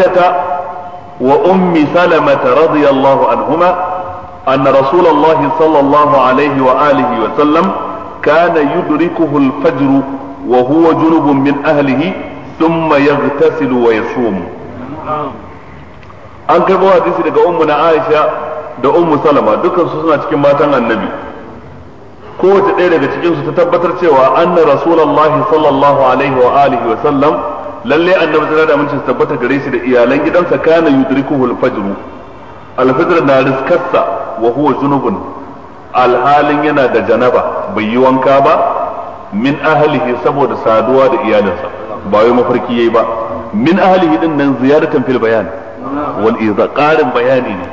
عائشة وأم سلمة رضي الله عنهما أن رسول الله صلى الله عليه وآله وسلم كان يدركه الفجر وهو جنب من أهله ثم يغتسل ويصوم an kai bawa hadisi daga ummu na Aisha da ummu Salama dukkan suna cikin matan annabi kowace ɗaya daga cikin su ta tabbatar cewa anna rasulullahi sallallahu alaihi wa sallam lalle annabi tsira da aminci tabbata gare shi da iyalan gidansa kana yudrikuhu al-fajr al-fajr na riskarsa wa huwa junubun alhalin yana da janaba bai yi wanka ba min ahlihi saboda saduwa da iyalinsa ba wai mafarki yayi ba min ahlihi din nan ziyaratan fil bayan wal izqarin bayani ne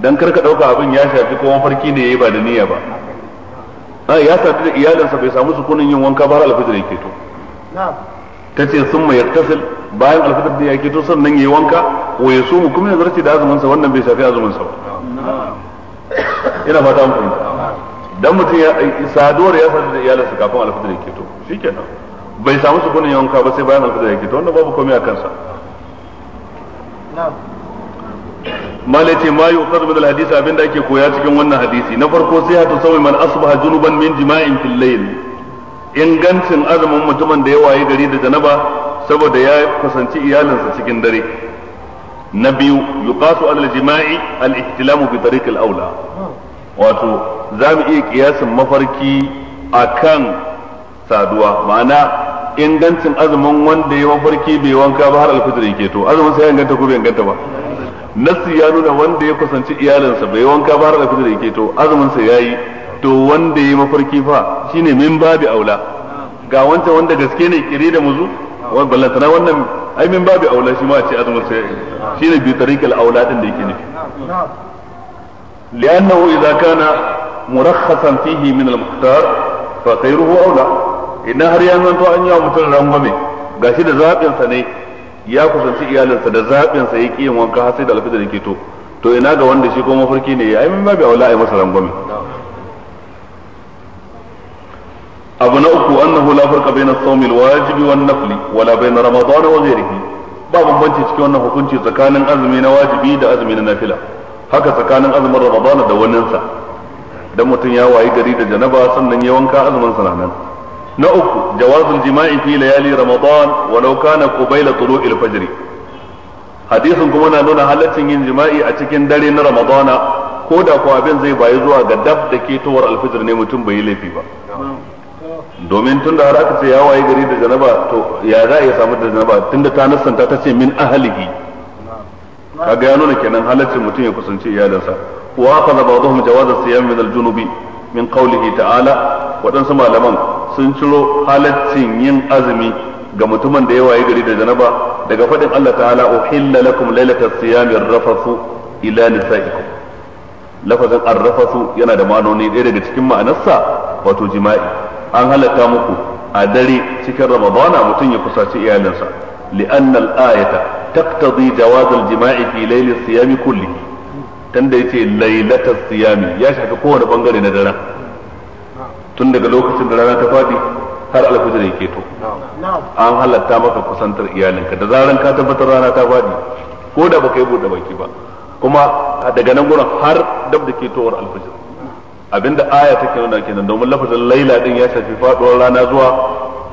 dan karka dauka abin ya shafi ko mafarki ne yayi ba da niyya ba ya sadu da iyalinsa bai samu sukunin yin wanka ba har alfajir yake to na'am ta ce sun mai yaktasil bayan alfitar da ya ke to sannan ya yi wanka wa ya sumu kuma ya zarce da azumin sa wannan bai shafi azumin sa ina fata an fahimta dan mutum ya saduwar ya faru da iyalinsa kafin alfitar ya ke to shikenan bai samu su kunin wanka ba sai bayan alfitar ya ke to wannan babu komai a kansa malaiti ma yi ukar min hadisi abinda ake koya cikin wannan hadisi na farko sai hatu sawai man asbaha junuban min jima'in fil layl ingancin azumin mutumin da ya waye gari da janaba saboda ya kusanci iyalinsa cikin dare na biyu yuqasu alal jima'i al ihtilamu bi tariq al aula wato za mu iya kiyasin mafarki akan saduwa ma'ana ingancin azumin wanda ya mafarki bai wanka ba har alfajir yake to azumin sai ya inganta ko bai inganta ba nasu ya nuna wanda ya kusanci iyalinsa bai wanka ba har alfajir yake to azumin sa yayi to wanda yi mafarki fa shine min babi aula ga wancan wanda gaske ne kire da muzu wai ballantana wannan ai min babi aula shi ma a ce azumin sai shine bi tariqal aula din da yake nufi li'annahu idza kana murakhasan fihi min al-muhtar fa khayruhu aula idan har ya to an yi wa mutum rangwame gashi da zaɓin sa ne ya kusanci iyalinsa da zaɓin sa ya ƙi yin wanka har sai da alfidar ke to to ina ga wanda shi ko mafarki ne ya yi min babi aula yi masa rangwame abu na uku annahu la farqa bayna as-sawm al-wajib wan nafl wala bayna ramadan wa ghayrihi ba bambanci cikin wannan hukunci tsakanin azumi na wajibi da azumi na nafila haka tsakanin azumin ramadan da waninsa dan mutum ya wayi gari da janaba sannan ya wanka azumin sa nan na uku jawazul jima'i fi layali ramadan walau kana qabila tulu'il fajr hadisin kuma na nuna halaccin yin jima'i a cikin dare na ramadana ko da ko abin zai bayi zuwa ga dab da ketowar alfijir ne mutum bai yi laifi ba domin tunda har aka ce ya waye gari da janaba to ya za a iya samu da janaba tunda ta nasanta ta ce min ahalihi kaga ya nuna kenan halaccin mutum ya kusanci iyalinsa wa akhadha ba'dhum jawaz as-siyam min al-junubi min qawlihi ta'ala waɗansu malaman sun ciro halaccin yin azumi ga mutumin da ya waye gari da janaba daga fadin Allah ta'ala uhilla lakum lailatas siyami rafasu ila nisaikum lafazin arrafasu yana da ma'anoni ɗaya daga cikin ma'anarsa wato jima'i an halatta muku a dare cikin ramadana mutum ya kusaci iyalinsa li'anna al-ayata taqtadi jawaz al-jima'i fi layl siyami kulli tunda yace laylata siyami siyami ya shafi kowane bangare na daren tun daga lokacin da rana ta fadi har alfajir ya keto an halatta maka kusantar iyalinka da zaran ka tabbatar rana ta fadi ko da baka yi bude baki ba kuma daga nan gurin har dab da ketowar alfajir abinda aya take nuna kenan domin lafazin laila din ya shafi faduwar rana zuwa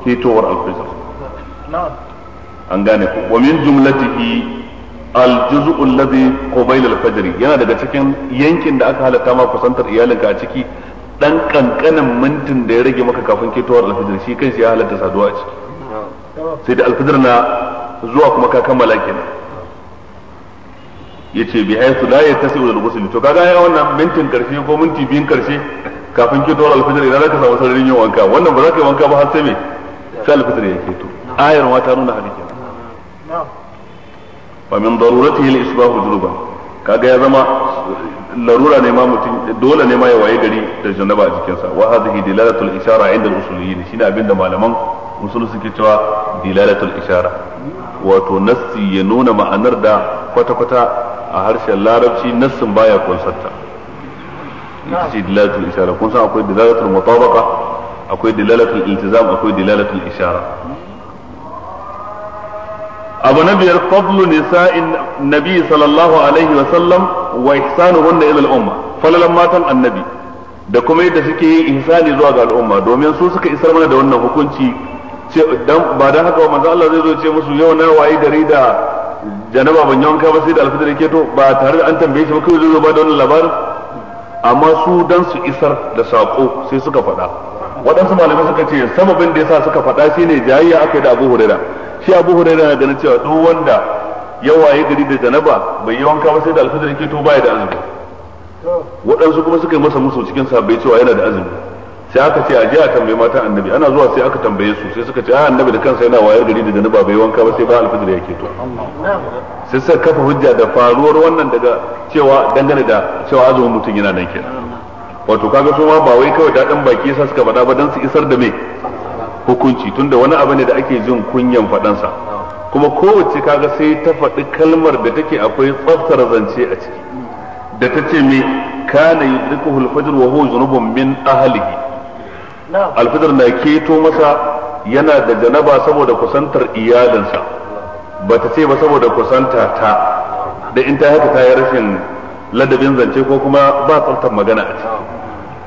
fitowar alfijir an gane ku wa min jumlatihi aljuz'u alladhi qabila alfajr yana daga cikin yankin da aka halaka ma kusantar iyalinka a ciki dan kankanan mintin da ya rage maka kafin fitowar alfijir shi kanshi ya halatta saduwa a ciki sai da alfijir na zuwa kuma ka kammala kenan yace bi da la yattasi'u lil ghusl to kaga ya wannan mintin karshe ko minti biyun karshe kafin ki dora alfajir idan zaka samu sararin yin wanka wannan ba za ka yi wanka ba har sai me sai alfajir ya keto ayar ma ta nuna hadisi fa min daruratihi al isbahu junuba kaga ya zama larura ne ma mutum dole ne ma ya waye gari da janaba a jikinsa wa hadhihi dilalatul ishara inda al-usuliyyin shine abinda malaman usul suke cewa dilalatul ishara wato nassi ya nuna ma'anar da kwata-kwata a harshen larabci nassin baya kunsarta ita ce dilalatul ishara kun san akwai dilalatul mutabaqa akwai dilalatul iltizam akwai dilalatul ishara abu na biyar fadlu nisa'in nabi sallallahu alaihi wa sallam wa ihsanuhunna ila al-umma falalan matan annabi da kuma yadda suke yin ihsani zuwa ga al'umma domin su suka isar mana da wannan hukunci dan ba dan haka manzo Allah zai zo ce musu yau na waye gari da janaba ban yi wanka ba sai da alfajir ya keto ba tare da an tambaye shi ba kawai zai zo ba da wannan labarin amma su dan su isar da sako sai suka faɗa waɗansu malamai suka ce sababin da yasa suka faɗa shine jayayya aka yi da Abu Hurairah shi Abu Huraira na ganin cewa duk wanda ya waye gari da janaba bai yi wanka ba sai da alfajir ya keto ba ya da azumi waɗansu kuma suka yi masa musu cikin sabbai cewa yana da azumi sai aka ce a je a tambayi matan annabi ana zuwa sai aka tambaye su sai suka ce a ah, annabi da kansa yana wayar gari da janaba bai wanka ba sai ba alfajir ya keto sai suka kafa hujja da faruwar wannan daga cewa dangane da cewa azumin mutum yana nan kenan wato kaga su ma ba wai kawai daɗin baki yasa suka faɗa ba don su isar da me hukunci tunda wani abu ne da ake jin kunyan faɗansa kuma kowace kaga sai ta faɗi kalmar da take akwai tsaftar zance a ciki da ta ce me kana yudrikuhu al-fajr wa huwa junubun min ahlihi alfijir na keto masa yana da janaba saboda kusantar iyalinsa ba ta ce ba saboda kusanta ta da in ta haka ta yi rashin ladabin zance ko kuma ba tsaftar magana a ciki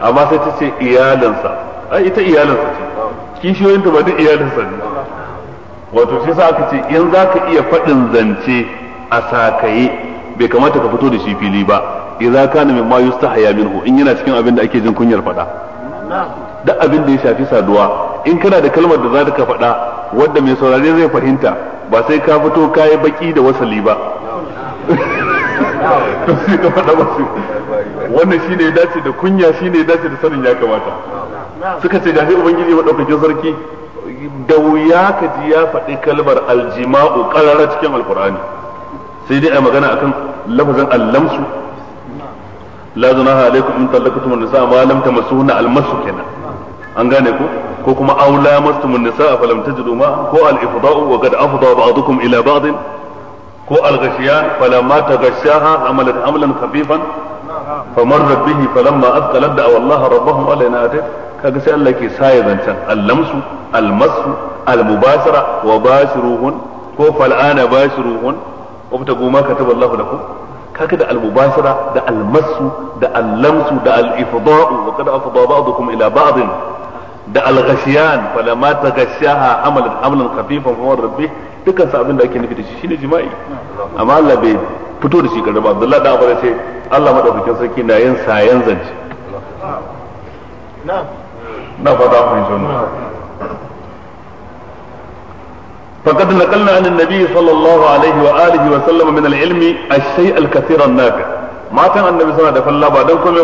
amma sai ta ce iyalinsa ai ita iyalinsa ce kishiyoyin ta ba duk iyalinsa ne wato shi sa aka ce in za ka iya faɗin zance a sakaye bai kamata ka fito da shi fili ba idza kana mimma yustahya minhu in yana cikin abin da ake jin kunyar faɗa da abin da ya shafi saduwa in kana da kalmar da za ka faɗa wadda mai saurare zai fahimta ba sai ka fito ka yi baki da wasali ba wannan shine ya dace da kunya shine ya dace da sanin ya kamata suka ce gashi ubangiji madaukakin sarki da wuya ka ji ya faɗi kalmar aljima'u ƙarara cikin alkur'ani sai dai a magana akan lafazin allamsu la zunaha alaikum in talaqtum an-nisa ma lam tamassuhunna al kenan an gane ko ko kuma aw lamastum an-nisaa falam tajidu ma ko al-ifda'u wa qad afda ba'dukum ila ba'd ko al-ghashiyan falamma taghashaha amalat amlan khafifan famarrat bihi falamma athqalat da'a wallaha rabbahum alaina atay kaga sai Allah ke saye zancan allamsu almasu almubasara wa bashiruhun ko fal'ana bashiruhun wabtagu ma kataba Allah lakum kaga da almubasara da almasu da allamsu da alifda'u wa qad afda ba'dukum ila ba'd da al-ghashiyan falamma taghashaha hamalat hamlan khafifan fa rabbi dukkan sa abin da ake nufi da shi shine jima'i amma Allah bai fito da shi karba Abdullahi da Abu ce Allah madaukakin sarki na yin sayan zance na na fata kun shi فقد نقلنا عن النبي صلى الله عليه وآله وسلم من العلم الشيء الكثير النافع ما كان النبي صلى الله عليه وسلم بعد كم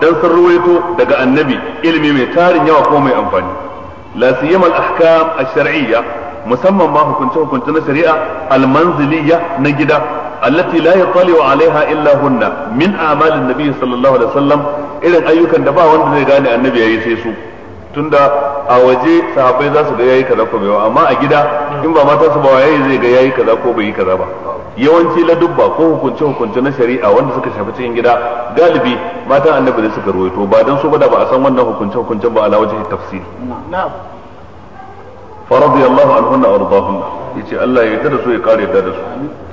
dan san ruwaito daga annabi ilimi mai tarin yawa ko mai amfani la siyamal ahkam a shariyya musamman ma hukunce hukunce na shari'a al-manziliyya na gida allati la yatali'u 'alaiha illa hunna min a'malin nabiy sallallahu alaihi wasallam irin ayyukan da ba wanda zai gane annabi yayi sai su tunda a waje sahabbai za su ga yayi kaza ko bai amma a gida in ba mata su ba waye zai ga yayi kaza ko bai yi kaza ba yawanci ladubba ko hukunce hukunce na shari'a wanda suka shafi cikin gida galibi matan annabi da suka ruwaito ba dan su ba da ba a san wannan hukunce hukunce ba ala wajhi tafsiri na'am fa radiyallahu anhunna wa radahunna yace Allah ya yarda da su ya kare yarda da su